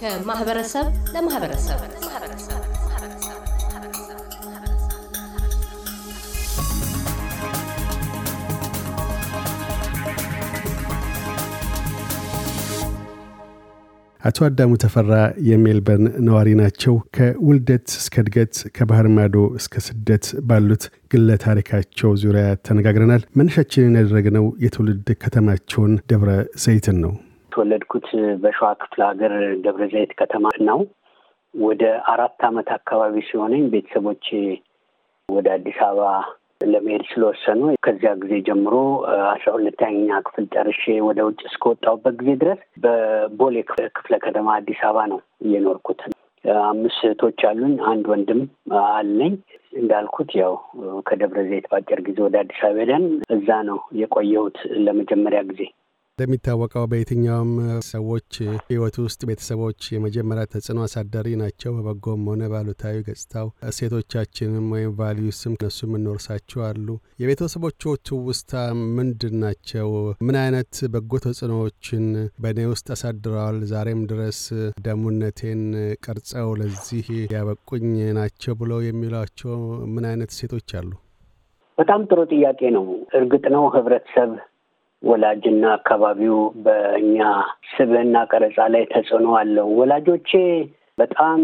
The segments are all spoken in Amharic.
ከማህበረሰብ ለማህበረሰብ አቶ አዳሙ ተፈራ የሜልበርን ነዋሪ ናቸው። ከውልደት እስከ እድገት ከባህር ማዶ እስከ ስደት ባሉት ግለ ታሪካቸው ዙሪያ ተነጋግረናል። መነሻችንን ያደረግነው የትውልድ ከተማቸውን ደብረ ዘይትን ነው። የተወለድኩት በሸዋ ክፍለ ሀገር ደብረ ዘይት ከተማ ነው። ወደ አራት ዓመት አካባቢ ሲሆነኝ ቤተሰቦቼ ወደ አዲስ አበባ ለመሄድ ስለወሰኑ ከዚያ ጊዜ ጀምሮ አስራ ሁለተኛ ክፍል ጨርሼ ወደ ውጭ እስከወጣሁበት ጊዜ ድረስ በቦሌ ክፍለ ከተማ አዲስ አበባ ነው እየኖርኩት። አምስት እህቶች አሉኝ፣ አንድ ወንድም አለኝ። እንዳልኩት ያው ከደብረ ዘይት በአጭር ጊዜ ወደ አዲስ አበባ ሄደን እዛ ነው የቆየሁት ለመጀመሪያ ጊዜ። እንደሚታወቀው በየትኛውም ሰዎች ህይወት ውስጥ ቤተሰቦች የመጀመሪያ ተጽዕኖ አሳደሪ ናቸው። በበጎም ሆነ ባሉታዊ ገጽታው እሴቶቻችንም ወይም ቫሊዩስም እነሱ የምንወርሳቸው አሉ። የቤተሰቦቹ ትውስታ ምንድን ናቸው? ምን አይነት በጎ ተጽዕኖዎችን በእኔ ውስጥ አሳድረዋል? ዛሬም ድረስ ደሙነቴን ቀርጸው ለዚህ ያበቁኝ ናቸው ብለው የሚሏቸው ምን አይነት እሴቶች አሉ? በጣም ጥሩ ጥያቄ ነው። እርግጥ ነው ህብረተሰብ ወላጅና አካባቢው በእኛ ስብህና ቀረጻ ላይ ተጽዕኖ አለው። ወላጆቼ በጣም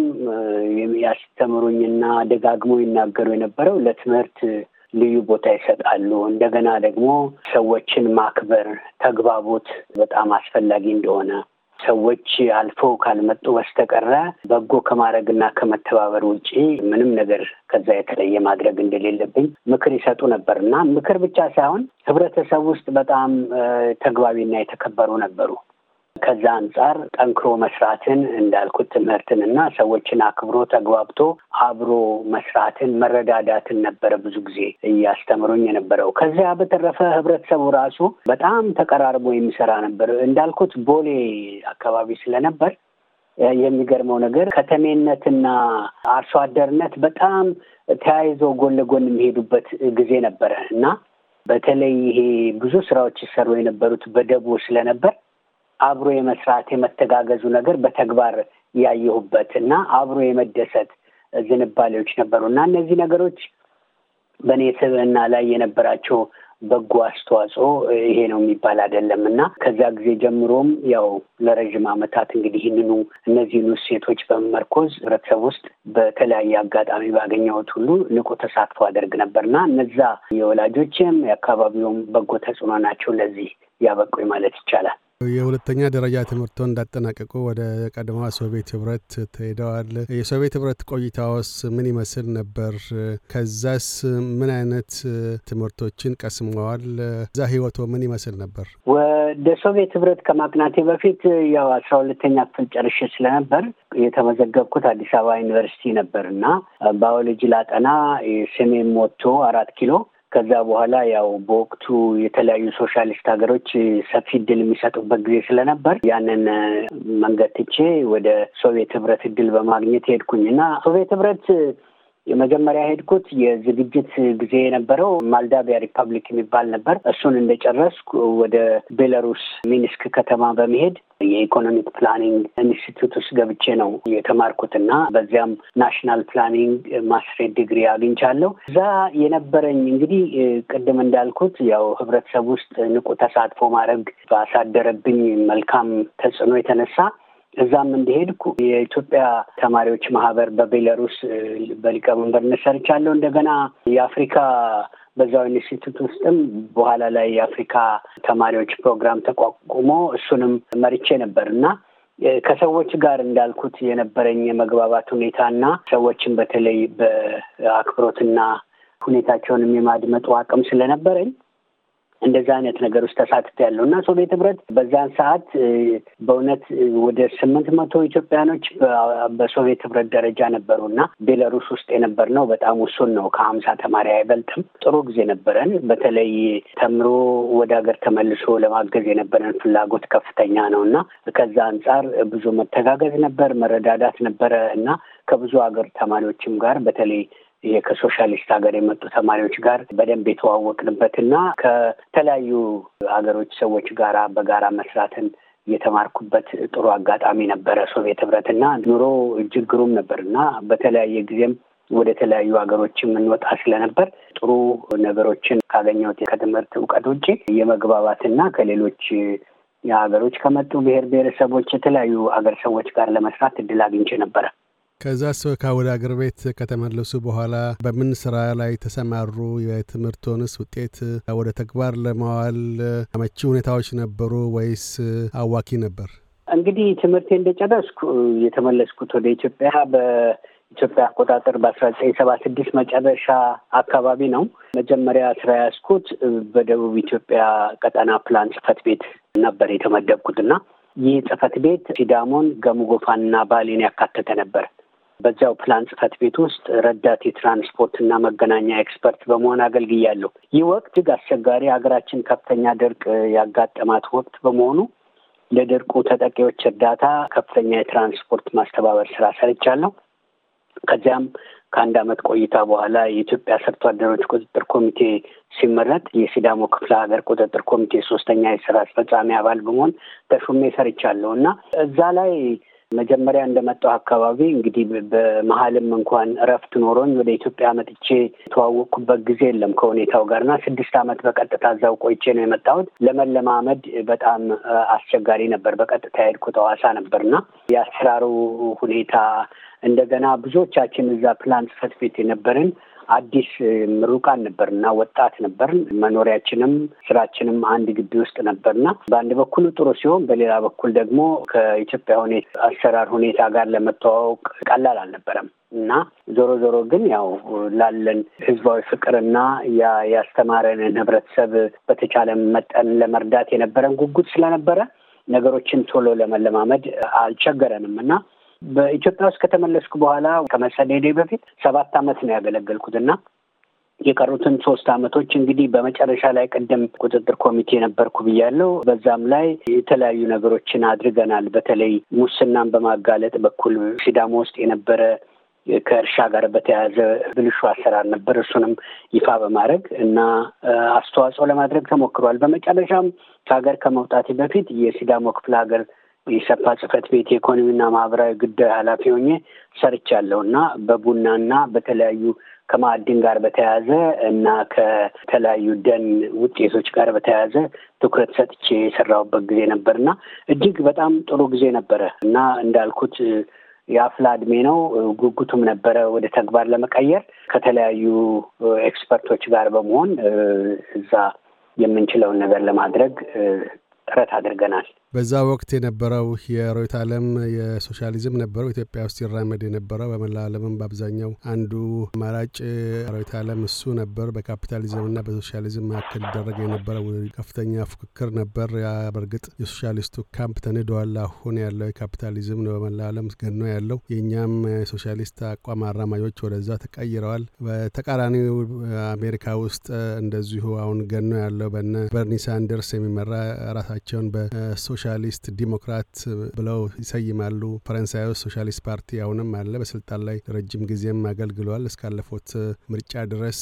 ያስተምሩኝና ደጋግሞ ይናገሩ የነበረው ለትምህርት ልዩ ቦታ ይሰጣሉ። እንደገና ደግሞ ሰዎችን ማክበር፣ ተግባቦት በጣም አስፈላጊ እንደሆነ ሰዎች አልፈው ካልመጡ በስተቀረ በጎ ከማድረግና ከመተባበር ውጪ ምንም ነገር ከዛ የተለየ ማድረግ እንደሌለብኝ ምክር ይሰጡ ነበር እና ምክር ብቻ ሳይሆን ህብረተሰብ ውስጥ በጣም ተግባቢና የተከበሩ ነበሩ። ከዛ አንጻር ጠንክሮ መስራትን እንዳልኩት ትምህርትን እና ሰዎችን አክብሮ ተግባብቶ አብሮ መስራትን መረዳዳትን ነበረ ብዙ ጊዜ እያስተምሩኝ የነበረው። ከዚያ በተረፈ ህብረተሰቡ ራሱ በጣም ተቀራርቦ የሚሰራ ነበር። እንዳልኩት ቦሌ አካባቢ ስለነበር የሚገርመው ነገር ከተሜነትና አርሶ አደርነት በጣም ተያይዞ ጎን ለጎን የሚሄዱበት ጊዜ ነበረ እና በተለይ ይሄ ብዙ ስራዎች ይሰሩ የነበሩት በደቦ ስለነበር አብሮ የመስራት የመተጋገዙ ነገር በተግባር ያየሁበት እና አብሮ የመደሰት ዝንባሌዎች ነበሩ እና እነዚህ ነገሮች በእኔ ስብዕና ላይ የነበራቸው በጎ አስተዋጽኦ ይሄ ነው የሚባል አይደለም እና ከዛ ጊዜ ጀምሮም ያው ለረዥም ዓመታት እንግዲህ ይህንኑ እነዚህን ሴቶች በመመርኮዝ ህብረተሰብ ውስጥ በተለያየ አጋጣሚ ባገኘሁት ሁሉ ንቁ ተሳትፎ አደርግ ነበር እና እነዛ የወላጆችም የአካባቢውም በጎ ተጽዕኖ ናቸው ለዚህ ያበቁኝ ማለት ይቻላል። የሁለተኛ ደረጃ ትምህርቶ እንዳጠናቀቁ ወደ ቀድማ ሶቪየት ህብረት ተሄደዋል። የሶቪየት ህብረት ቆይታዎስ ምን ይመስል ነበር? ከዛስ ምን አይነት ትምህርቶችን ቀስመዋል? እዛ ህይወቶ ምን ይመስል ነበር? ወደ ሶቪየት ህብረት ከማቅናቴ በፊት ያው አስራ ሁለተኛ ክፍል ጨርሼ ስለነበር የተመዘገብኩት አዲስ አበባ ዩኒቨርሲቲ ነበር እና ባዮሎጂ ላጠና ሰሜን ሞቶ አራት ኪሎ ከዛ በኋላ ያው በወቅቱ የተለያዩ ሶሻሊስት ሀገሮች ሰፊ እድል የሚሰጡበት ጊዜ ስለነበር ያንን መንገድ ትቼ ወደ ሶቪየት ህብረት እድል በማግኘት ሄድኩኝ እና ሶቪየት ህብረት የመጀመሪያ ሄድኩት የዝግጅት ጊዜ የነበረው ማልዳቪያ ሪፐብሊክ የሚባል ነበር። እሱን እንደጨረስኩ ወደ ቤላሩስ ሚንስክ ከተማ በመሄድ የኢኮኖሚክ ፕላኒንግ ኢንስቲትዩት ውስጥ ገብቼ ነው የተማርኩት እና በዚያም ናሽናል ፕላኒንግ ማስትሬት ዲግሪ አግኝቻለሁ። እዛ የነበረኝ እንግዲህ ቅድም እንዳልኩት ያው ህብረተሰብ ውስጥ ንቁ ተሳትፎ ማድረግ ባሳደረብኝ መልካም ተጽዕኖ የተነሳ እዛም እንደሄድኩ የኢትዮጵያ ተማሪዎች ማህበር በቤላሩስ በሊቀመንበርነት ሰርቻለሁ። እንደገና የአፍሪካ በዛው ኢንስቲቱት ውስጥም በኋላ ላይ የአፍሪካ ተማሪዎች ፕሮግራም ተቋቁሞ እሱንም መርቼ ነበር እና ከሰዎች ጋር እንዳልኩት የነበረኝ የመግባባት ሁኔታና ሰዎችን በተለይ በአክብሮትና ሁኔታቸውንም የማድመጡ አቅም ስለነበረኝ እንደዛ አይነት ነገር ውስጥ ተሳትፍ ያለው እና ሶቪየት ህብረት በዛን ሰዓት በእውነት ወደ ስምንት መቶ ኢትዮጵያኖች በሶቪየት ህብረት ደረጃ ነበሩ እና ቤላሩስ ውስጥ ነው በጣም ውሱን ነው። ከሀምሳ ተማሪ አይበልጥም። ጥሩ ጊዜ ነበረን። በተለይ ተምሮ ወደ ሀገር ተመልሶ ለማገዝ የነበረን ፍላጎት ከፍተኛ ነው እና ከዛ አንጻር ብዙ መተጋገዝ ነበር፣ መረዳዳት ነበረ እና ከብዙ ሀገር ተማሪዎችም ጋር በተለይ ይሄ ከሶሻሊስት ሀገር የመጡ ተማሪዎች ጋር በደንብ የተዋወቅንበት ከተለያዩ ሀገሮች ሰዎች ጋራ በጋራ መስራትን የተማርኩበት ጥሩ አጋጣሚ ነበረ። ሶቪየት ህብረት እና ኑሮ እጅግ ግሩም ነበር እና በተለያየ ጊዜም ወደ ተለያዩ ሀገሮች የምንወጣ ስለነበር ጥሩ ነገሮችን ካገኘሁት ከትምህርት እውቀት ውጭ የመግባባትና ከሌሎች ሀገሮች ከመጡ ብሔር ብሔረሰቦች የተለያዩ ሀገር ሰዎች ጋር ለመስራት እድል አግኝቼ ነበረ። ከዛ ሰካ ወደ አገር ቤት ከተመለሱ በኋላ በምን ስራ ላይ ተሰማሩ? የትምህርቶንስ ውጤት ወደ ተግባር ለማዋል አመቺ ሁኔታዎች ነበሩ ወይስ አዋኪ ነበር? እንግዲህ ትምህርቴ እንደጨረስኩ የተመለስኩት ወደ ኢትዮጵያ በኢትዮጵያ አቆጣጠር በአስራ ዘጠኝ ሰባ ስድስት መጨረሻ አካባቢ ነው። መጀመሪያ ስራ ያስኩት በደቡብ ኢትዮጵያ ቀጠና ፕላን ጽህፈት ቤት ነበር የተመደብኩትና ይህ ጽህፈት ቤት ሲዳሞን፣ ገሙጎፋንና ባሌን ያካተተ ነበር። በዚያው ፕላን ጽህፈት ቤት ውስጥ ረዳት የትራንስፖርትና መገናኛ ኤክስፐርት በመሆን አገልግያለሁ። ይህ ወቅት እጅግ አስቸጋሪ፣ ሀገራችን ከፍተኛ ድርቅ ያጋጠማት ወቅት በመሆኑ ለድርቁ ተጠቂዎች እርዳታ ከፍተኛ የትራንስፖርት ማስተባበር ስራ ሰርቻለሁ። ከዚያም ከአንድ አመት ቆይታ በኋላ የኢትዮጵያ ሰርቶ አደሮች ቁጥጥር ኮሚቴ ሲመረጥ የሲዳሞ ክፍለ ሀገር ቁጥጥር ኮሚቴ ሶስተኛ የስራ አስፈጻሚ አባል በመሆን ተሹሜ ሰርቻለሁ እና እዛ ላይ መጀመሪያ እንደመጣው አካባቢ እንግዲህ በመሀልም እንኳን እረፍት ኖሮኝ ወደ ኢትዮጵያ መጥቼ የተዋወቅኩበት ጊዜ የለም ከሁኔታው ጋር እና ስድስት ዓመት በቀጥታ እዛው ቆይቼ ነው የመጣሁት። ለመለማመድ በጣም አስቸጋሪ ነበር። በቀጥታ የሄድኩት ሐዋሳ ነበር እና የአሰራሩ ሁኔታ እንደገና ብዙዎቻችን እዛ ፕላን ጽሕፈት ቤት የነበርን አዲስ ምሩቃን ነበርና ወጣት ነበር መኖሪያችንም ስራችንም አንድ ግቢ ውስጥ ነበርና በአንድ በኩል ጥሩ ሲሆን፣ በሌላ በኩል ደግሞ ከኢትዮጵያ ሁኔታ አሰራር ሁኔታ ጋር ለመተዋወቅ ቀላል አልነበረም እና ዞሮ ዞሮ ግን ያው ላለን ህዝባዊ ፍቅርና ያ ያስተማረንን ህብረተሰብ በተቻለ መጠን ለመርዳት የነበረን ጉጉት ስለነበረ ነገሮችን ቶሎ ለመለማመድ አልቸገረንም እና በኢትዮጵያ ውስጥ ከተመለስኩ በኋላ ከመሰደዴ በፊት ሰባት ዓመት ነው ያገለገልኩት እና የቀሩትን ሶስት አመቶች እንግዲህ በመጨረሻ ላይ ቅድም ቁጥጥር ኮሚቴ ነበርኩ ብያለው። በዛም ላይ የተለያዩ ነገሮችን አድርገናል። በተለይ ሙስናን በማጋለጥ በኩል ሲዳሞ ውስጥ የነበረ ከእርሻ ጋር በተያያዘ ብልሹ አሰራር ነበር። እሱንም ይፋ በማድረግ እና አስተዋጽኦ ለማድረግ ተሞክሯል። በመጨረሻም ከሀገር ከመውጣቴ በፊት የሲዳሞ ክፍለ ሀገር የኢሰፓ ጽህፈት ቤት የኢኮኖሚና ማህበራዊ ጉዳይ ኃላፊ ሆኜ ሰርቻለሁ እና በቡናና በተለያዩ ከማዕድን ጋር በተያያዘ እና ከተለያዩ ደን ውጤቶች ጋር በተያያዘ ትኩረት ሰጥቼ የሰራሁበት ጊዜ ነበር እና እጅግ በጣም ጥሩ ጊዜ ነበረ እና እንዳልኩት የአፍላ እድሜ ነው። ጉጉቱም ነበረ ወደ ተግባር ለመቀየር ከተለያዩ ኤክስፐርቶች ጋር በመሆን እዛ የምንችለውን ነገር ለማድረግ ጥረት አድርገናል። በዛ ወቅት የነበረው የሮይት ዓለም የሶሻሊዝም ነበረው ኢትዮጵያ ውስጥ ይራመድ የነበረው በመላ ዓለምም በአብዛኛው አንዱ አማራጭ ሮይት ዓለም እሱ ነበር። በካፒታሊዝምና በሶሻሊዝም መካከል ይደረግ የነበረው ከፍተኛ ፉክክር ነበር። በእርግጥ የሶሻሊስቱ ካምፕ ተንደዋል። አሁን ያለው የካፒታሊዝም ነው በመላ ዓለም ገኖ ያለው። የእኛም የሶሻሊስት አቋም አራማጆች ወደዛ ተቀይረዋል። በተቃራኒው አሜሪካ ውስጥ እንደዚሁ አሁን ገኖ ያለው በነ በርኒ ሳንደርስ የሚመራ ራሳቸውን በሶ ሶሻሊስት ዲሞክራት ብለው ይሰይማሉ። ፈረንሳይ ውስጥ ሶሻሊስት ፓርቲ አሁንም አለ፣ በስልጣን ላይ ረጅም ጊዜም አገልግሏል እስካለፉት ምርጫ ድረስ።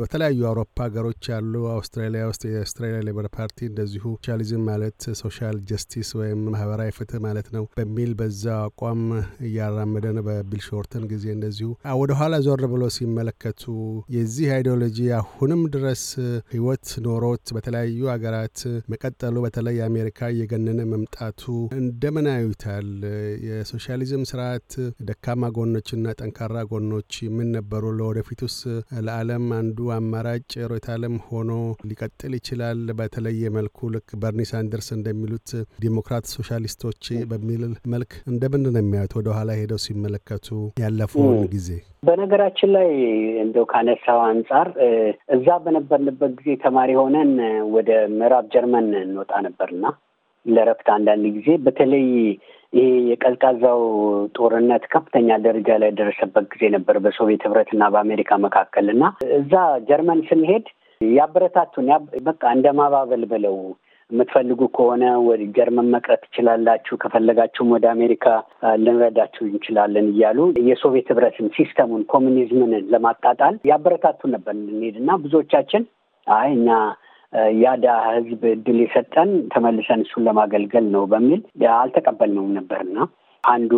በተለያዩ አውሮፓ ሀገሮች ያሉ አውስትራሊያ ውስጥ የአውስትራሊያ ሌበር ፓርቲ እንደዚሁ ሶሻሊዝም ማለት ሶሻል ጀስቲስ ወይም ማህበራዊ ፍትህ ማለት ነው በሚል በዛ አቋም እያራመደ ነው። በቢልሾርተን ጊዜ እንደዚሁ ወደኋላ ዞር ብሎ ሲመለከቱ የዚህ አይዲዮሎጂ አሁንም ድረስ ህይወት ኖሮት በተለያዩ ሀገራት መቀጠሉ በተለይ የአሜሪካ እየገነ እየገነነ መምጣቱ እንደምን ያዩታል? የሶሻሊዝም ስርዓት ደካማ ጎኖችና ጠንካራ ጎኖች ምን ነበሩ? ለወደፊቱስ ለዓለም አንዱ አማራጭ ርዕዮተ ዓለም ሆኖ ሊቀጥል ይችላል? በተለየ መልኩ ልክ በርኒ ሳንደርስ እንደሚሉት ዲሞክራት ሶሻሊስቶች በሚል መልክ እንደምን ነው የሚያዩት? ወደኋላ ሄደው ሲመለከቱ ያለፈውን ጊዜ በነገራችን ላይ እንደው ካነሳው አንጻር እዛ በነበርንበት ጊዜ ተማሪ ሆነን ወደ ምዕራብ ጀርመን እንወጣ ነበርና ለረፍት አንዳንድ ጊዜ በተለይ ይሄ የቀዝቃዛው ጦርነት ከፍተኛ ደረጃ ላይ ደረሰበት ጊዜ ነበር በሶቪየት ህብረትና በአሜሪካ መካከል እና እዛ ጀርመን ስንሄድ ያበረታቱን በቃ እንደ ማባበል ብለው የምትፈልጉ ከሆነ ወደ ጀርመን መቅረት ትችላላችሁ፣ ከፈለጋችሁም ወደ አሜሪካ ልንረዳችሁ እንችላለን እያሉ የሶቪየት ህብረትን ሲስተሙን ኮሚኒዝምን ለማጣጣል ያበረታቱ ነበር እንድንሄድ እና ብዙዎቻችን አይ እኛ ያዳ ህዝብ እድል የሰጠን ተመልሰን እሱን ለማገልገል ነው በሚል አልተቀበልነውም ነበርና አንዱ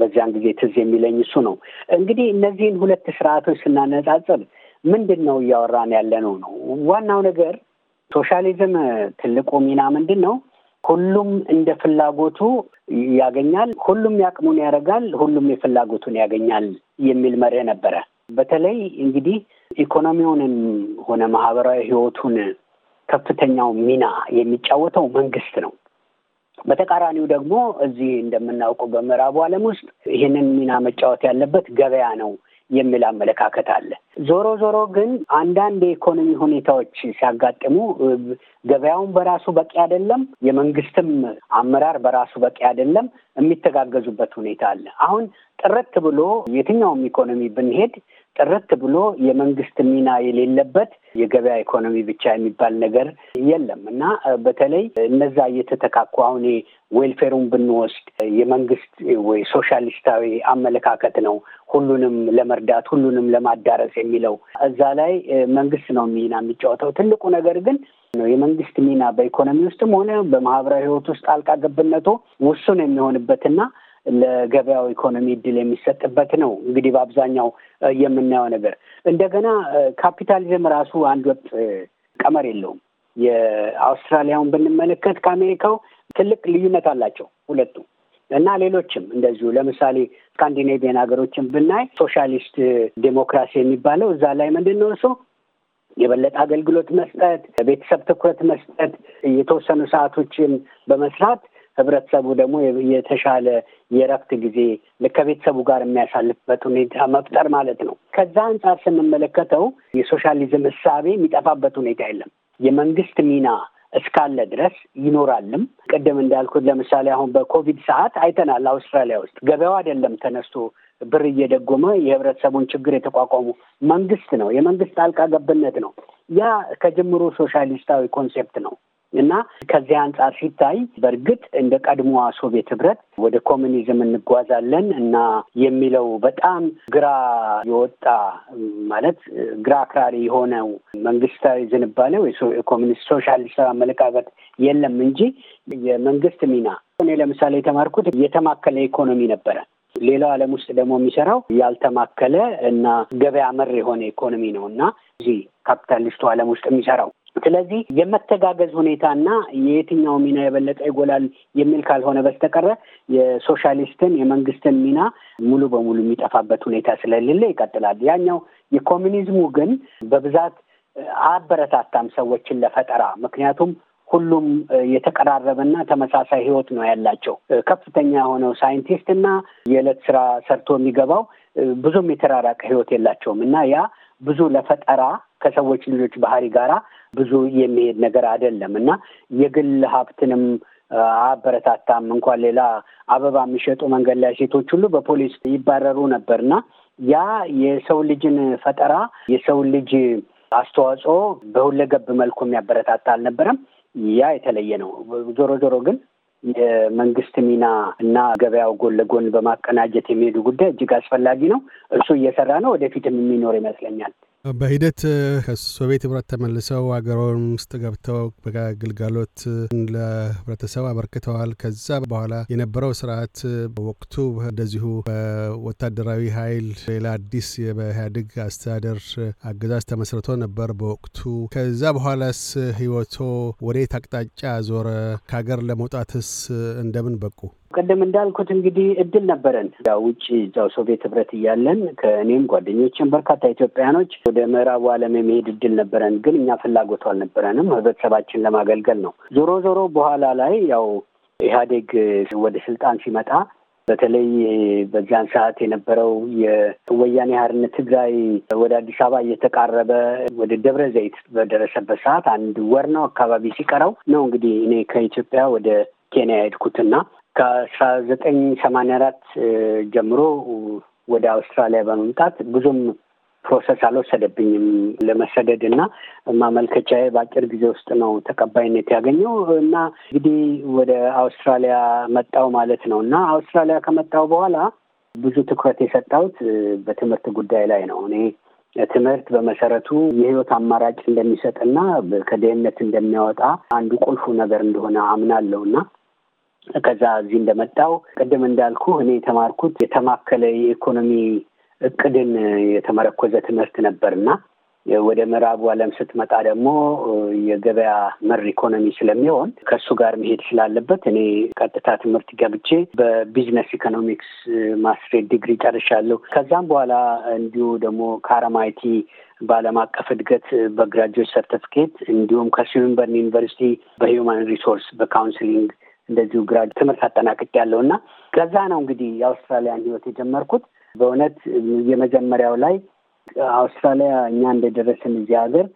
በዚያን ጊዜ ትዝ የሚለኝ እሱ ነው። እንግዲህ እነዚህን ሁለት ስርዓቶች ስናነጻጽር ምንድን ነው እያወራን ያለ ነው ነው ዋናው ነገር ሶሻሊዝም ትልቁ ሚና ምንድን ነው? ሁሉም እንደ ፍላጎቱ ያገኛል፣ ሁሉም ያቅሙን ያደርጋል፣ ሁሉም የፍላጎቱን ያገኛል የሚል መርህ ነበረ። በተለይ እንግዲህ ኢኮኖሚውንም ሆነ ማህበራዊ ህይወቱን ከፍተኛው ሚና የሚጫወተው መንግስት ነው። በተቃራኒው ደግሞ እዚህ እንደምናውቀው በምዕራቡ ዓለም ውስጥ ይህንን ሚና መጫወት ያለበት ገበያ ነው የሚል አመለካከት አለ። ዞሮ ዞሮ ግን አንዳንድ የኢኮኖሚ ሁኔታዎች ሲያጋጥሙ ገበያውን በራሱ በቂ አይደለም፣ የመንግስትም አመራር በራሱ በቂ አይደለም። የሚተጋገዙበት ሁኔታ አለ። አሁን ጥርት ብሎ የትኛውም ኢኮኖሚ ብንሄድ ጥርት ብሎ የመንግስት ሚና የሌለበት የገበያ ኢኮኖሚ ብቻ የሚባል ነገር የለም እና በተለይ እነዛ እየተተካኩ አሁን ዌልፌሩን ብንወስድ የመንግስት ወይ ሶሻሊስታዊ አመለካከት ነው ሁሉንም ለመርዳት ሁሉንም ለማዳረስ የሚለው እዛ ላይ መንግስት ነው ሚና የሚጫወተው። ትልቁ ነገር ግን የመንግስት ሚና በኢኮኖሚ ውስጥም ሆነ በማህበራዊ ህይወት ውስጥ አልቃ ገብነቱ ውሱን የሚሆንበትና ለገበያው ኢኮኖሚ እድል የሚሰጥበት ነው። እንግዲህ በአብዛኛው የምናየው ነገር እንደገና ካፒታሊዝም ራሱ አንድ ወጥ ቀመር የለውም። የአውስትራሊያውን ብንመለከት ከአሜሪካው ትልቅ ልዩነት አላቸው ሁለቱ እና ሌሎችም እንደዚሁ ለምሳሌ ስካንዲኔቪያን ሀገሮችን ብናይ ሶሻሊስት ዴሞክራሲ የሚባለው እዛ ላይ ምንድን ነው እሱ የበለጠ አገልግሎት መስጠት፣ ቤተሰብ ትኩረት መስጠት፣ የተወሰኑ ሰዓቶችን በመስራት ህብረተሰቡ ደግሞ የተሻለ የረፍት ጊዜ ከቤተሰቡ ጋር የሚያሳልፍበት ሁኔታ መፍጠር ማለት ነው። ከዛ አንጻር ስንመለከተው የሶሻሊዝም እሳቤ የሚጠፋበት ሁኔታ የለም። የመንግስት ሚና እስካለ ድረስ ይኖራልም። ቅድም እንዳልኩት ለምሳሌ አሁን በኮቪድ ሰዓት አይተናል። አውስትራሊያ ውስጥ ገበያው አይደለም ተነስቶ ብር እየደጎመ የህብረተሰቡን ችግር የተቋቋሙ መንግስት ነው። የመንግስት ጣልቃ ገብነት ነው። ያ ከጅምሩ ሶሻሊስታዊ ኮንሴፕት ነው። እና ከዚህ አንጻር ሲታይ በእርግጥ እንደ ቀድሞዋ ሶቪየት ህብረት ወደ ኮሚኒዝም እንጓዛለን እና የሚለው በጣም ግራ የወጣ ማለት ግራ አክራሪ የሆነው መንግስታዊ ዝንባሌ ወይ ሶሻሊስት አመለካከት የለም እንጂ የመንግስት ሚና እኔ ለምሳሌ የተማርኩት የተማከለ ኢኮኖሚ ነበረ። ሌላው ዓለም ውስጥ ደግሞ የሚሰራው ያልተማከለ እና ገበያ መር የሆነ ኢኮኖሚ ነው እና እዚህ ካፒታሊስቱ ዓለም ውስጥ የሚሰራው ስለዚህ የመተጋገዝ ሁኔታና የየትኛው ሚና የበለጠ ይጎላል የሚል ካልሆነ በስተቀረ የሶሻሊስትን የመንግስትን ሚና ሙሉ በሙሉ የሚጠፋበት ሁኔታ ስለሌለ ይቀጥላል። ያኛው የኮሚኒዝሙ ግን በብዛት አበረታታም ሰዎችን ለፈጠራ ምክንያቱም ሁሉም የተቀራረበና ተመሳሳይ ህይወት ነው ያላቸው። ከፍተኛ የሆነው ሳይንቲስት እና የዕለት ስራ ሰርቶ የሚገባው ብዙም የተራራቀ ህይወት የላቸውም እና ያ ብዙ ለፈጠራ ከሰዎች ልጆች ባህሪ ጋራ ብዙ የሚሄድ ነገር አይደለም እና የግል ሀብትንም አበረታታም። እንኳን ሌላ አበባ የሚሸጡ መንገድ ላይ ሴቶች ሁሉ በፖሊስ ይባረሩ ነበር እና ያ የሰው ልጅን ፈጠራ የሰው ልጅ አስተዋጽኦ በሁለገብ መልኩ የሚያበረታታ አልነበረም። ያ የተለየ ነው። ዞሮ ዞሮ ግን የመንግስት ሚና እና ገበያው ጎን ለጎን በማቀናጀት የሚሄዱ ጉዳይ እጅግ አስፈላጊ ነው። እሱ እየሰራ ነው። ወደፊትም የሚኖር ይመስለኛል። በሂደት ከሶቪየት ህብረት ተመልሰው ሀገሮን ውስጥ ገብተው በግልጋሎት ለህብረተሰብ አበርክተዋል። ከዛ በኋላ የነበረው ስርዓት በወቅቱ እንደዚሁ በወታደራዊ ኃይል ሌላ አዲስ በኢህአዴግ አስተዳደር አገዛዝ ተመስርቶ ነበር በወቅቱ። ከዛ በኋላስ ህይወቶ ወዴት አቅጣጫ ዞረ? ከሀገር ለመውጣትስ እንደምን በቁ? ቅድም እንዳልኩት እንግዲህ እድል ነበረን ውጭ እዛው ሶቪየት ህብረት እያለን ከእኔም ጓደኞችም በርካታ ኢትዮጵያውያኖች ወደ ምዕራቡ ዓለም የመሄድ እድል ነበረን። ግን እኛ ፍላጎቱ አልነበረንም። ህብረተሰባችን ለማገልገል ነው። ዞሮ ዞሮ በኋላ ላይ ያው ኢህአዴግ ወደ ስልጣን ሲመጣ በተለይ በዚያን ሰዓት የነበረው የወያኔ ሀርነት ትግራይ ወደ አዲስ አበባ እየተቃረበ ወደ ደብረ ዘይት በደረሰበት ሰዓት አንድ ወር ነው አካባቢ ሲቀረው ነው እንግዲህ እኔ ከኢትዮጵያ ወደ ኬንያ ሄድኩትና ከአስራ ዘጠኝ ሰማንያ አራት ጀምሮ ወደ አውስትራሊያ በመምጣት ብዙም ፕሮሰስ አልወሰደብኝም ለመሰደድ እና ማመልከቻዬ በአጭር ጊዜ ውስጥ ነው ተቀባይነት ያገኘው እና እንግዲህ ወደ አውስትራሊያ መጣው ማለት ነው እና አውስትራሊያ ከመጣው በኋላ ብዙ ትኩረት የሰጣሁት በትምህርት ጉዳይ ላይ ነው። እኔ ትምህርት በመሰረቱ የህይወት አማራጭ እንደሚሰጥና ከድህነት እንደሚያወጣ አንዱ ቁልፉ ነገር እንደሆነ አምናለሁ እና ከዛ እዚህ እንደመጣው ቅድም እንዳልኩ እኔ የተማርኩት የተማከለ የኢኮኖሚ እቅድን የተመረኮዘ ትምህርት ነበርና ወደ ምዕራቡ ዓለም ስትመጣ ደግሞ የገበያ መር ኢኮኖሚ ስለሚሆን ከእሱ ጋር መሄድ ስላለበት እኔ ቀጥታ ትምህርት ገብቼ በቢዝነስ ኢኮኖሚክስ ማስትሬት ዲግሪ ጨርሻለሁ። ከዛም በኋላ እንዲሁ ደግሞ ከአረማይቲ በዓለም አቀፍ እድገት በግራጁዌት ሰርተፊኬት እንዲሁም ከስዊምበርን ዩኒቨርሲቲ በሂውማን ሪሶርስ በካውንስሊንግ እንደዚሁ ግራ ትምህርት አጠናቅቅ ያለው እና ከዛ ነው እንግዲህ የአውስትራሊያን ህይወት የጀመርኩት። በእውነት የመጀመሪያው ላይ አውስትራሊያ እኛ እንደደረስን እዚህ ሀገር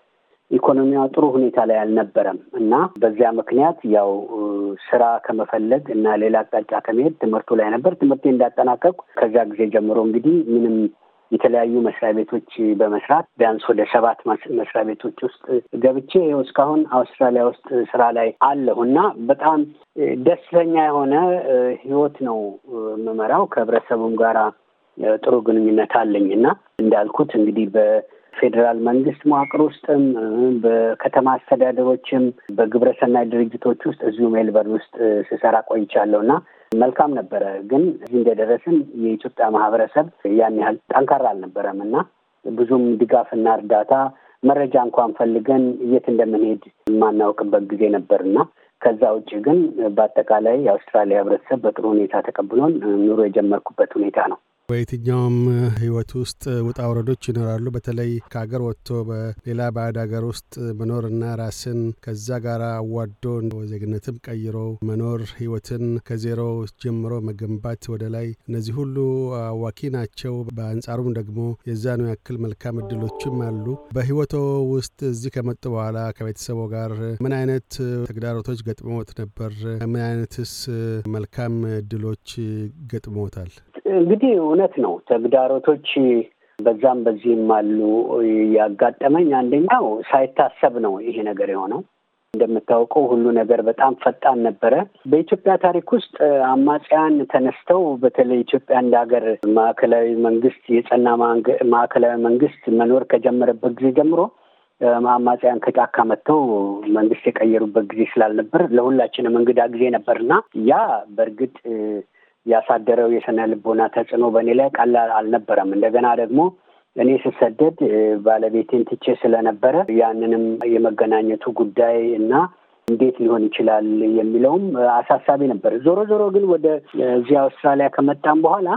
ኢኮኖሚዋ ጥሩ ሁኔታ ላይ አልነበረም እና በዚያ ምክንያት ያው ስራ ከመፈለግ እና ሌላ አቅጣጫ ከመሄድ ትምህርቱ ላይ ነበር። ትምህርቴ እንዳጠናቀቅኩ ከዛ ጊዜ ጀምሮ እንግዲህ ምንም የተለያዩ መስሪያ ቤቶች በመስራት ቢያንስ ወደ ሰባት መስሪያ ቤቶች ውስጥ ገብቼ ይኸው እስካሁን አውስትራሊያ ውስጥ ስራ ላይ አለሁ እና በጣም ደስተኛ የሆነ ህይወት ነው የምመራው። ከህብረተሰቡም ጋራ ጥሩ ግንኙነት አለኝ እና እንዳልኩት እንግዲህ በፌዴራል መንግስት መዋቅር ውስጥም በከተማ አስተዳደሮችም በግብረሰናይ ድርጅቶች ውስጥ እዚሁ ሜልበርን ውስጥ ስሰራ ቆይቻለሁ እና መልካም ነበረ። ግን እዚህ እንደደረስን የኢትዮጵያ ማህበረሰብ ያን ያህል ጠንካራ አልነበረም እና ብዙም ድጋፍና እርዳታ መረጃ እንኳን ፈልገን የት እንደምንሄድ የማናውቅበት ጊዜ ነበርና ከዛ ውጭ ግን በአጠቃላይ የአውስትራሊያ ህብረተሰብ በጥሩ ሁኔታ ተቀብሎን ኑሮ የጀመርኩበት ሁኔታ ነው። በየትኛውም ህይወት ውስጥ ውጣ ውረዶች ይኖራሉ። በተለይ ከሀገር ወጥቶ በሌላ ባዕድ ሀገር ውስጥ መኖርና ራስን ከዛ ጋር አዋዶ ዜግነትም ቀይሮ መኖር ህይወትን ከዜሮ ጀምሮ መገንባት ወደ ላይ እነዚህ ሁሉ አዋኪ ናቸው። በአንጻሩም ደግሞ ነው ያክል መልካም እድሎችም አሉ። በህይወቶ ውስጥ እዚህ ከመጡ በኋላ ከቤተሰቦ ጋር ምን አይነት ተግዳሮቶች ገጥሞት ነበር? ምን አይነትስ መልካም እድሎች ገጥሞታል? እንግዲህ እውነት ነው ተግዳሮቶች በዛም በዚህም አሉ። ያጋጠመኝ አንደኛው ሳይታሰብ ነው ይሄ ነገር የሆነው። እንደምታውቀው ሁሉ ነገር በጣም ፈጣን ነበረ። በኢትዮጵያ ታሪክ ውስጥ አማጽያን ተነስተው በተለይ ኢትዮጵያ እንደ ሀገር ማዕከላዊ መንግስት የጸና ማዕከላዊ መንግስት መኖር ከጀመረበት ጊዜ ጀምሮ አማጽያን ከጫካ መጥተው መንግስት የቀየሩበት ጊዜ ስላልነበር ለሁላችንም እንግዳ ጊዜ ነበር እና ያ በእርግጥ ያሳደረው የስነ ልቦና ተጽዕኖ በእኔ ላይ ቀላል አልነበረም። እንደገና ደግሞ እኔ ስሰደድ ባለቤቴን ትቼ ስለነበረ ያንንም የመገናኘቱ ጉዳይ እና እንዴት ሊሆን ይችላል የሚለውም አሳሳቢ ነበር። ዞሮ ዞሮ ግን ወደ እዚህ አውስትራሊያ ከመጣም በኋላ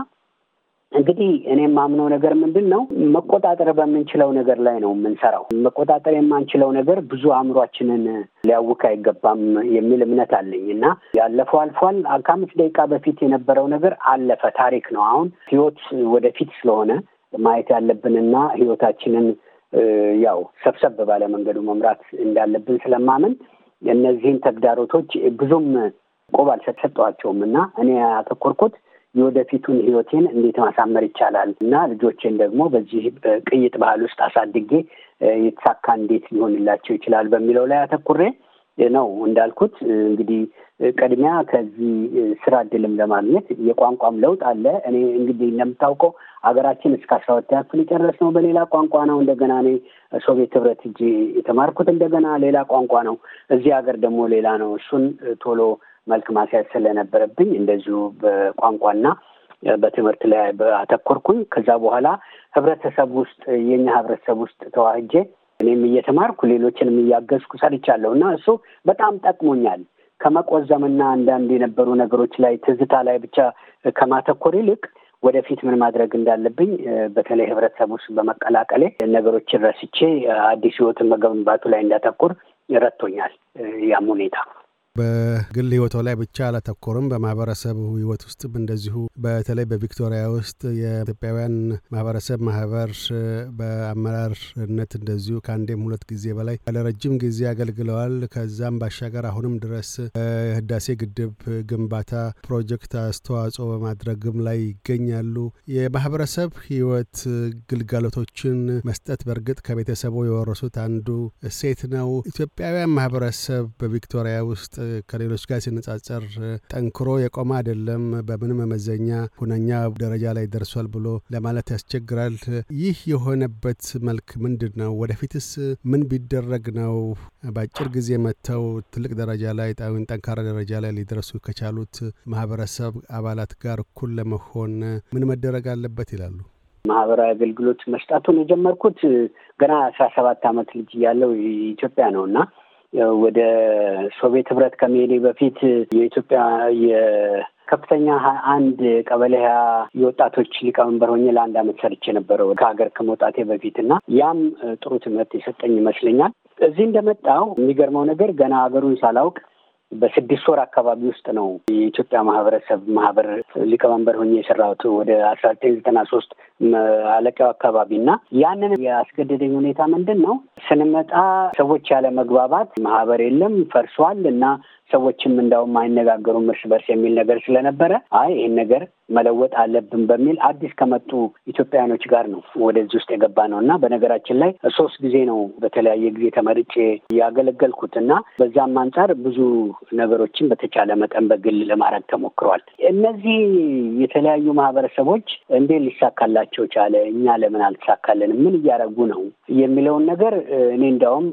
እንግዲህ እኔ የማምነው ነገር ምንድን ነው፣ መቆጣጠር በምንችለው ነገር ላይ ነው የምንሰራው። መቆጣጠር የማንችለው ነገር ብዙ አእምሯችንን ሊያውክ አይገባም የሚል እምነት አለኝ እና ያለፈው አልፏል። ከአምስት ደቂቃ በፊት የነበረው ነገር አለፈ፣ ታሪክ ነው። አሁን ህይወት ወደፊት ስለሆነ ማየት ያለብንና ህይወታችንን ያው ሰብሰብ ባለ መንገዱ መምራት እንዳለብን ስለማምን እነዚህን ተግዳሮቶች ብዙም ቆብ አልሰጠዋቸውም እና እኔ ያተኮርኩት የወደፊቱን ህይወቴን እንዴት ማሳመር ይቻላል እና ልጆቼን ደግሞ በዚህ ቅይጥ ባህል ውስጥ አሳድጌ የተሳካ እንዴት ሊሆንላቸው ይችላል በሚለው ላይ አተኩሬ ነው እንዳልኩት እንግዲህ ቅድሚያ ከዚህ ስራ እድልም ለማግኘት የቋንቋም ለውጥ አለ። እኔ እንግዲህ እንደምታውቀው ሀገራችን እስከ አስራ ሁለተኛ ክፍል ነው በሌላ ቋንቋ ነው። እንደገና እኔ ሶቪየት ህብረት እጅ የተማርኩት እንደገና ሌላ ቋንቋ ነው። እዚህ ሀገር ደግሞ ሌላ ነው። እሱን ቶሎ መልክ ማስያዝ ስለነበረብኝ እንደዚሁ በቋንቋና በትምህርት ላይ አተኮርኩኝ። ከዛ በኋላ ህብረተሰብ ውስጥ የኛ ህብረተሰብ ውስጥ ተዋህጄ እኔም እየተማርኩ ሌሎችንም እያገዝኩ ሰርቻለሁ እና እሱ በጣም ጠቅሞኛል። ከመቆዘምና አንዳንድ የነበሩ ነገሮች ላይ ትዝታ ላይ ብቻ ከማተኮር ይልቅ ወደፊት ምን ማድረግ እንዳለብኝ በተለይ ህብረተሰብ ውስጥ በመቀላቀሌ ነገሮችን ረስቼ አዲስ ህይወትን መገንባቱ ላይ እንዳተኩር ረቶኛል ያም ሁኔታ በግል ህይወቶ ላይ ብቻ አላተኮርም። በማህበረሰብ ህይወት ውስጥም እንደዚሁ በተለይ በቪክቶሪያ ውስጥ የኢትዮጵያውያን ማህበረሰብ ማህበር በአመራርነት እንደዚሁ ከአንዴም ሁለት ጊዜ በላይ ለረጅም ጊዜ አገልግለዋል። ከዛም ባሻገር አሁንም ድረስ ህዳሴ ግድብ ግንባታ ፕሮጀክት አስተዋጽኦ በማድረግም ላይ ይገኛሉ። የማህበረሰብ ህይወት ግልጋሎቶችን መስጠት በእርግጥ ከቤተሰቡ የወረሱት አንዱ እሴት ነው። ኢትዮጵያውያን ማህበረሰብ በቪክቶሪያ ውስጥ ከሌሎች ጋር ሲነጻጸር ጠንክሮ የቆመ አይደለም፣ በምን መመዘኛ ሁነኛ ደረጃ ላይ ደርሷል ብሎ ለማለት ያስቸግራል። ይህ የሆነበት መልክ ምንድን ነው? ወደፊትስ ምን ቢደረግ ነው በአጭር ጊዜ መጥተው ትልቅ ደረጃ ላይ ጣዊን ጠንካራ ደረጃ ላይ ሊደርሱ ከቻሉት ማህበረሰብ አባላት ጋር እኩል ለመሆን ምን መደረግ አለበት ይላሉ? ማህበራዊ አገልግሎት መስጣቱን የጀመርኩት ገና አስራ ሰባት አመት ልጅ ያለው ኢትዮጵያ ነው እና ወደ ሶቪየት ህብረት ከመሄዴ በፊት የኢትዮጵያ የከፍተኛ ሀያ አንድ ቀበሌ ሀያ የወጣቶች ሊቀመንበር ሆኜ ለአንድ አመት ሰርቼ ነበረ ከሀገር ከመውጣቴ በፊት እና ያም ጥሩ ትምህርት የሰጠኝ ይመስለኛል። እዚህ እንደመጣው የሚገርመው ነገር ገና ሀገሩን ሳላውቅ በስድስት ወር አካባቢ ውስጥ ነው የኢትዮጵያ ማህበረሰብ ማህበር ሊቀመንበር ሆኜ የሰራሁት ወደ አስራ ዘጠኝ ዘጠና ሶስት አለቂያው አካባቢ እና ያንን ያስገደደኝ ሁኔታ ምንድን ነው ስንመጣ ሰዎች ያለ መግባባት ማህበር የለም ፈርሷል እና ሰዎችም እንዳውም አይነጋገሩም እርስ በርስ የሚል ነገር ስለነበረ አይ ይህን ነገር መለወጥ አለብን በሚል አዲስ ከመጡ ኢትዮጵያውያኖች ጋር ነው ወደዚህ ውስጥ የገባ ነው እና በነገራችን ላይ ሶስት ጊዜ ነው በተለያየ ጊዜ ተመርጬ ያገለገልኩት እና በዛም አንጻር ብዙ ነገሮችን በተቻለ መጠን በግል ለማድረግ ተሞክሯል። እነዚህ የተለያዩ ማህበረሰቦች እንዴት ሊሳካላቸው ቻለ? እኛ ለምን አልተሳካልንም? ምን እያደረጉ ነው የሚለውን ነገር እኔ እንዲያውም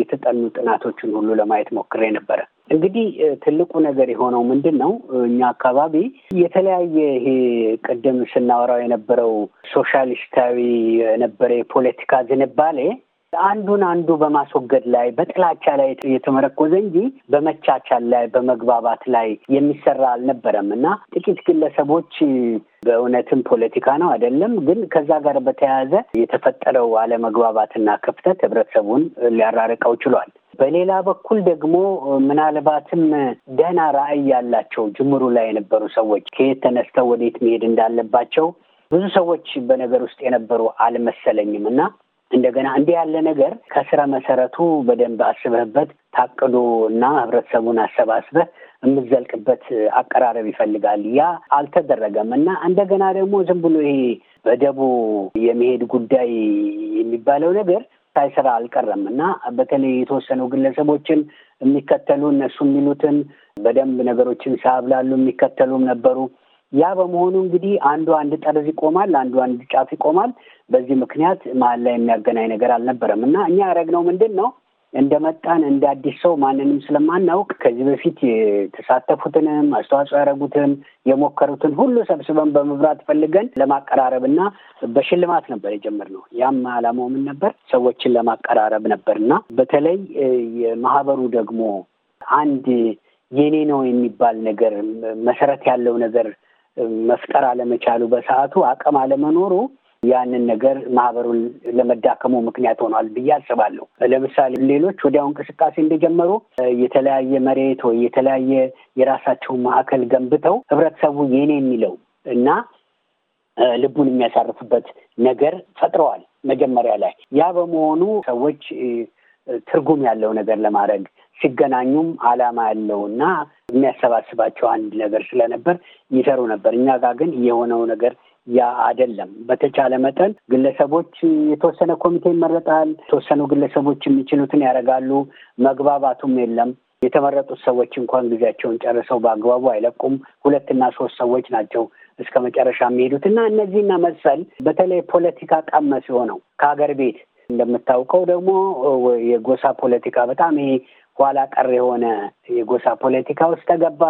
የተጠኑ ጥናቶችን ሁሉ ለማየት ሞክሬ ነበረ። እንግዲህ ትልቁ ነገር የሆነው ምንድን ነው? እኛ አካባቢ የተለያየ ይሄ ቅድም ስናወራው የነበረው ሶሻሊስታዊ የነበረ የፖለቲካ ዝንባሌ አንዱን አንዱ በማስወገድ ላይ በጥላቻ ላይ የተመረኮዘ እንጂ በመቻቻል ላይ በመግባባት ላይ የሚሰራ አልነበረም እና ጥቂት ግለሰቦች በእውነትም ፖለቲካ ነው አይደለም፣ ግን ከዛ ጋር በተያያዘ የተፈጠረው አለመግባባትና ክፍተት ህብረተሰቡን ሊያራርቀው ችሏል። በሌላ በኩል ደግሞ ምናልባትም ደህና ራዕይ ያላቸው ጅምሩ ላይ የነበሩ ሰዎች ከየት ተነስተው ወዴት መሄድ እንዳለባቸው ብዙ ሰዎች በነገር ውስጥ የነበሩ አልመሰለኝም እና እንደገና እንዲህ ያለ ነገር ከስረ መሰረቱ በደንብ አስበህበት ታቅዶ እና ህብረተሰቡን አሰባስበህ የምትዘልቅበት አቀራረብ ይፈልጋል። ያ አልተደረገም እና እንደገና ደግሞ ዝም ብሎ ይሄ በደቦ የመሄድ ጉዳይ የሚባለው ነገር ሳይሰራ አልቀረም እና በተለይ የተወሰኑ ግለሰቦችን የሚከተሉ እነሱ የሚሉትን በደንብ ነገሮችን ሳብላሉ የሚከተሉም ነበሩ። ያ በመሆኑ እንግዲህ አንዱ አንድ ጠርዝ ይቆማል፣ አንዱ አንድ ጫፍ ይቆማል። በዚህ ምክንያት መሀል ላይ የሚያገናኝ ነገር አልነበረም እና እኛ ያደረግነው ምንድን ነው እንደመጣን እንደ አዲስ ሰው ማንንም ስለማናውቅ ከዚህ በፊት የተሳተፉትንም አስተዋጽኦ ያደረጉትን የሞከሩትን ሁሉ ሰብስበን በመብራት ፈልገን ለማቀራረብ እና በሽልማት ነበር የጀመርነው። ያም አላማው ምን ነበር? ሰዎችን ለማቀራረብ ነበር እና በተለይ የማህበሩ ደግሞ አንድ የኔ ነው የሚባል ነገር መሰረት ያለው ነገር መፍጠር አለመቻሉ፣ በሰዓቱ አቅም አለመኖሩ ያንን ነገር ማህበሩን ለመዳከሙ ምክንያት ሆኗል ብዬ አስባለሁ። ለምሳሌ ሌሎች ወዲያው እንቅስቃሴ እንደጀመሩ የተለያየ መሬት ወይ የተለያየ የራሳቸውን ማዕከል ገንብተው ህብረተሰቡ የኔ የሚለው እና ልቡን የሚያሳርፍበት ነገር ፈጥረዋል መጀመሪያ ላይ። ያ በመሆኑ ሰዎች ትርጉም ያለው ነገር ለማድረግ ሲገናኙም አላማ ያለውና የሚያሰባስባቸው አንድ ነገር ስለነበር ይሰሩ ነበር። እኛ ጋር ግን የሆነው ነገር ያ አይደለም። በተቻለ መጠን ግለሰቦች የተወሰነ ኮሚቴ ይመረጣል፣ የተወሰኑ ግለሰቦች የሚችሉትን ያደርጋሉ። መግባባቱም የለም። የተመረጡት ሰዎች እንኳን ጊዜያቸውን ጨርሰው በአግባቡ አይለቁም። ሁለትና ሶስት ሰዎች ናቸው እስከ መጨረሻ የሚሄዱት እና እነዚህና መሰል በተለይ ፖለቲካ ቀመስ የሆነው ከሀገር ቤት እንደምታውቀው ደግሞ የጎሳ ፖለቲካ በጣም ይሄ ኋላ ቀር የሆነ የጎሳ ፖለቲካ ውስጥ ተገባ።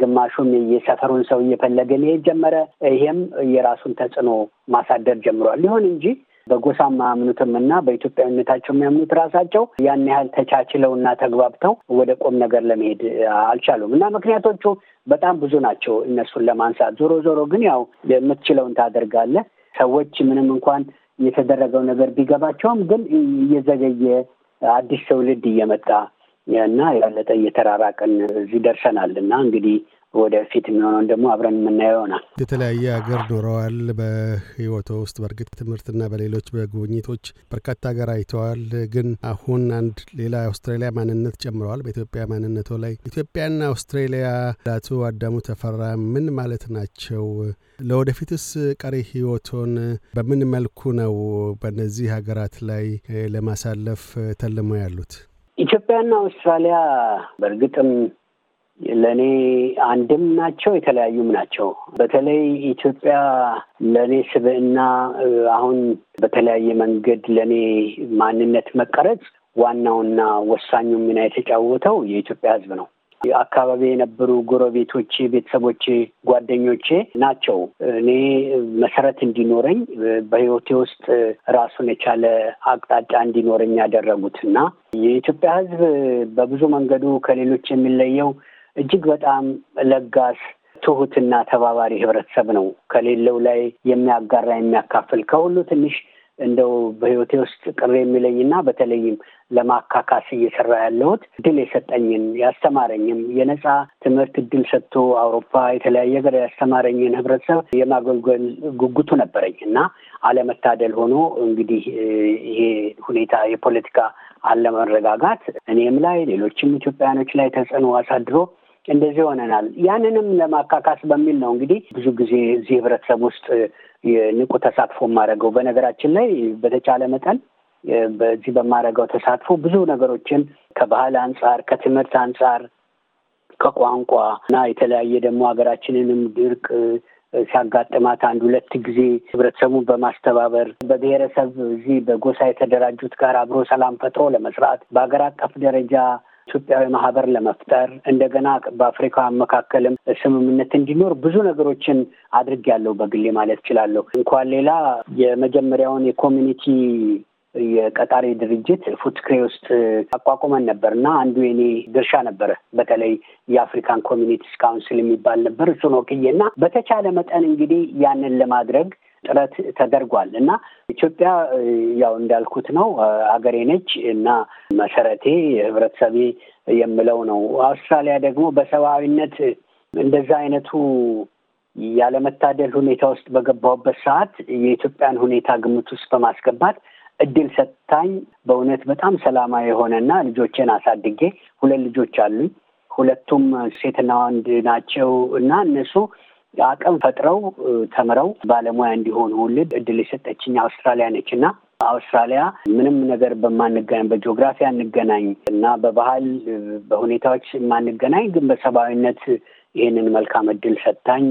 ግማሹም የሰፈሩን ሰው እየፈለገ መሄድ ጀመረ። ይሄም የራሱን ተጽዕኖ ማሳደር ጀምሯል። ሊሆን እንጂ በጎሳ የማያምኑትም እና በኢትዮጵያዊነታቸው የሚያምኑት ራሳቸው ያን ያህል ተቻችለው እና ተግባብተው ወደ ቆም ነገር ለመሄድ አልቻሉም እና ምክንያቶቹ በጣም ብዙ ናቸው እነሱን ለማንሳት። ዞሮ ዞሮ ግን ያው የምትችለውን ታደርጋለህ። ሰዎች ምንም እንኳን የተደረገው ነገር ቢገባቸውም ግን እየዘገየ አዲስ ትውልድ እየመጣ እና የበለጠ እየተራራቅን እዚህ ደርሰናል እና እንግዲህ ወደፊት የሚሆነውን ደግሞ አብረን የምናየው ይሆናል። የተለያየ ሀገር ኖረዋል። በህይወቶ ውስጥ በእርግጥ ትምህርትና በሌሎች በጉብኝቶች በርካታ ሀገር አይተዋል። ግን አሁን አንድ ሌላ አውስትራሊያ ማንነት ጨምረዋል በኢትዮጵያ ማንነቶ ላይ። ኢትዮጵያና አውስትራሊያ ላቱ አዳሙ ተፈራ ምን ማለት ናቸው? ለወደፊትስ ቀሪ ህይወቶን በምን መልኩ ነው በእነዚህ ሀገራት ላይ ለማሳለፍ ተልሞ ያሉት? ኢትዮጵያና አውስትራሊያ በእርግጥም ለእኔ አንድም ናቸው፣ የተለያዩም ናቸው። በተለይ ኢትዮጵያ ለእኔ ስብዕና አሁን በተለያየ መንገድ ለእኔ ማንነት መቀረጽ ዋናውና ወሳኙ ሚና የተጫወተው የኢትዮጵያ ሕዝብ ነው። አካባቢ የነበሩ ጎረቤቶቼ፣ ቤተሰቦቼ፣ ጓደኞቼ ናቸው እኔ መሰረት እንዲኖረኝ በህይወቴ ውስጥ ራሱን የቻለ አቅጣጫ እንዲኖረኝ ያደረጉት እና የኢትዮጵያ ህዝብ በብዙ መንገዱ ከሌሎች የሚለየው እጅግ በጣም ለጋስ ትሁትና ተባባሪ ህብረተሰብ ነው። ከሌለው ላይ የሚያጋራ የሚያካፍል ከሁሉ ትንሽ እንደው በህይወቴ ውስጥ ቅር የሚለኝና በተለይም ለማካካስ እየሰራ ያለሁት እድል የሰጠኝን ያስተማረኝም የነፃ ትምህርት እድል ሰጥቶ አውሮፓ የተለያየ ገር ያስተማረኝን ህብረተሰብ የማገልገል ጉጉቱ ነበረኝ እና አለመታደል ሆኖ እንግዲህ ይሄ ሁኔታ የፖለቲካ አለመረጋጋት እኔም ላይ ሌሎችም ኢትዮጵያውያኖች ላይ ተጽዕኖ አሳድሮ እንደዚህ ሆነናል። ያንንም ለማካካስ በሚል ነው እንግዲህ ብዙ ጊዜ እዚህ ህብረተሰብ ውስጥ ንቁ ተሳትፎ የማደርገው። በነገራችን ላይ በተቻለ መጠን በዚህ በማደርገው ተሳትፎ ብዙ ነገሮችን ከባህል አንጻር፣ ከትምህርት አንጻር፣ ከቋንቋ እና የተለያየ ደግሞ ሀገራችንንም ድርቅ ሲያጋጥማት አንድ ሁለት ጊዜ ህብረተሰቡን በማስተባበር በብሔረሰብ እዚህ በጎሳ የተደራጁት ጋር አብሮ ሰላም ፈጥሮ ለመስራት በሀገር አቀፍ ደረጃ ኢትዮጵያዊ ማህበር ለመፍጠር እንደገና በአፍሪካ መካከልም ስምምነት እንዲኖር ብዙ ነገሮችን አድርጌያለሁ በግሌ ማለት እችላለሁ። እንኳን ሌላ የመጀመሪያውን የኮሚኒቲ የቀጣሪ ድርጅት ፉትክሬ ውስጥ አቋቁመን ነበር እና አንዱ የኔ ድርሻ ነበረ። በተለይ የአፍሪካን ኮሚኒቲስ ካውንስል የሚባል ነበር። እሱን ወክዬ እና በተቻለ መጠን እንግዲህ ያንን ለማድረግ ጥረት ተደርጓል እና ኢትዮጵያ ያው እንዳልኩት ነው አገሬ ነች እና መሰረቴ ህብረተሰቤ የምለው ነው። አውስትራሊያ ደግሞ በሰብአዊነት እንደዛ አይነቱ ያለመታደል ሁኔታ ውስጥ በገባሁበት ሰዓት የኢትዮጵያን ሁኔታ ግምት ውስጥ በማስገባት እድል ሰጥታኝ በእውነት በጣም ሰላማዊ የሆነና ልጆቼን አሳድጌ ሁለት ልጆች አሉኝ። ሁለቱም ሴትና ወንድ ናቸው እና እነሱ አቅም ፈጥረው ተምረው ባለሙያ እንዲሆኑ ውልድ እድል የሰጠችኝ አውስትራሊያ ነች እና አውስትራሊያ ምንም ነገር በማንገናኝ በጂኦግራፊ አንገናኝ እና በባህል በሁኔታዎች የማንገናኝ ግን በሰብአዊነት ይህንን መልካም እድል ሰጥታኝ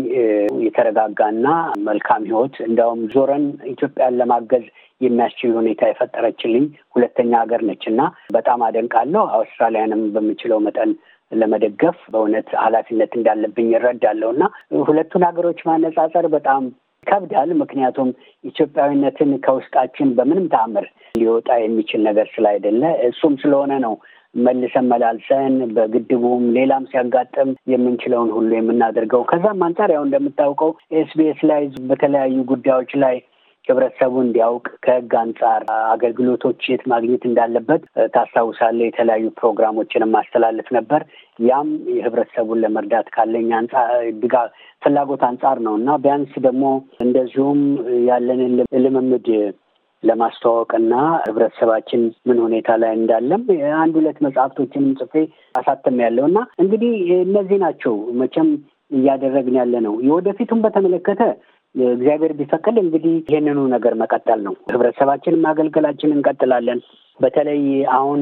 የተረጋጋና መልካም ህይወት እንዲያውም ዞረን ኢትዮጵያን ለማገዝ የሚያስችል ሁኔታ የፈጠረችልኝ ሁለተኛ ሀገር ነች እና በጣም አደንቃለሁ። አውስትራሊያንም በምችለው መጠን ለመደገፍ በእውነት ኃላፊነት እንዳለብኝ እረዳለሁ እና ሁለቱን ሀገሮች ማነጻጸር በጣም ይከብዳል። ምክንያቱም ኢትዮጵያዊነትን ከውስጣችን በምንም ተአምር ሊወጣ የሚችል ነገር ስላይደለ እሱም ስለሆነ ነው መልሰን መላልሰን በግድቡም ሌላም ሲያጋጥም የምንችለውን ሁሉ የምናደርገው። ከዛም አንጻር ያው እንደምታውቀው ኤስቢኤስ ላይ በተለያዩ ጉዳዮች ላይ ህብረተሰቡ እንዲያውቅ ከህግ አንጻር አገልግሎቶች የት ማግኘት እንዳለበት ታስታውሳለህ። የተለያዩ ፕሮግራሞችን ማስተላለፍ ነበር። ያም የህብረተሰቡን ለመርዳት ካለኝ ድጋ ፍላጎት አንጻር ነው እና ቢያንስ ደግሞ እንደዚሁም ያለንን ልምምድ ለማስተዋወቅና ህብረተሰባችን ምን ሁኔታ ላይ እንዳለም አንድ ሁለት መጽሐፍቶችንም ጽፌ አሳተም ያለው እና እንግዲህ እነዚህ ናቸው መቼም እያደረግን ያለ ነው። የወደፊቱን በተመለከተ እግዚአብሔር ቢፈቅድ እንግዲህ ይህንኑ ነገር መቀጠል ነው። ህብረተሰባችንን ማገልገላችን እንቀጥላለን። በተለይ አሁን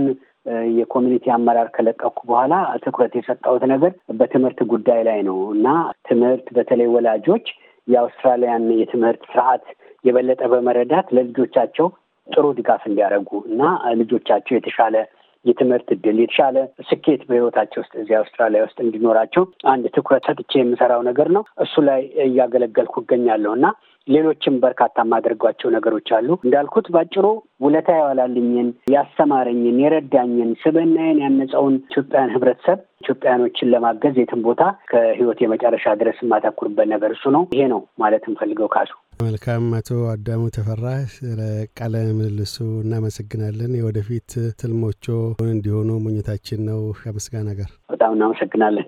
የኮሚኒቲ አመራር ከለቀኩ በኋላ ትኩረት የሰጠሁት ነገር በትምህርት ጉዳይ ላይ ነው እና ትምህርት በተለይ ወላጆች የአውስትራሊያን የትምህርት ስርዓት የበለጠ በመረዳት ለልጆቻቸው ጥሩ ድጋፍ እንዲያደርጉ እና ልጆቻቸው የተሻለ የትምህርት እድል፣ የተሻለ ስኬት በህይወታቸው ውስጥ እዚህ አውስትራሊያ ውስጥ እንዲኖራቸው አንድ ትኩረት ሰጥቼ የምሰራው ነገር ነው። እሱ ላይ እያገለገልኩ እገኛለሁ እና ሌሎችም በርካታ የማደርጓቸው ነገሮች አሉ። እንዳልኩት ባጭሩ ውለታ የዋላልኝን፣ ያስተማረኝን፣ የረዳኝን፣ ስብዕናዬን ያነጸውን ኢትዮጵያን ህብረተሰብ ኢትዮጵያኖችን ለማገዝ የትም ቦታ ከህይወት የመጨረሻ ድረስ የማተኩርበት ነገር እሱ ነው። ይሄ ነው ማለት እንፈልገው ካሱ መልካም አቶ አዳሙ ተፈራ ስለ ቃለ ምልልሱ እናመሰግናለን። የወደፊት ትልሞቾ እንዲሆኑ ምኞታችን ነው። ከምስጋና ጋር በጣም እናመሰግናለን።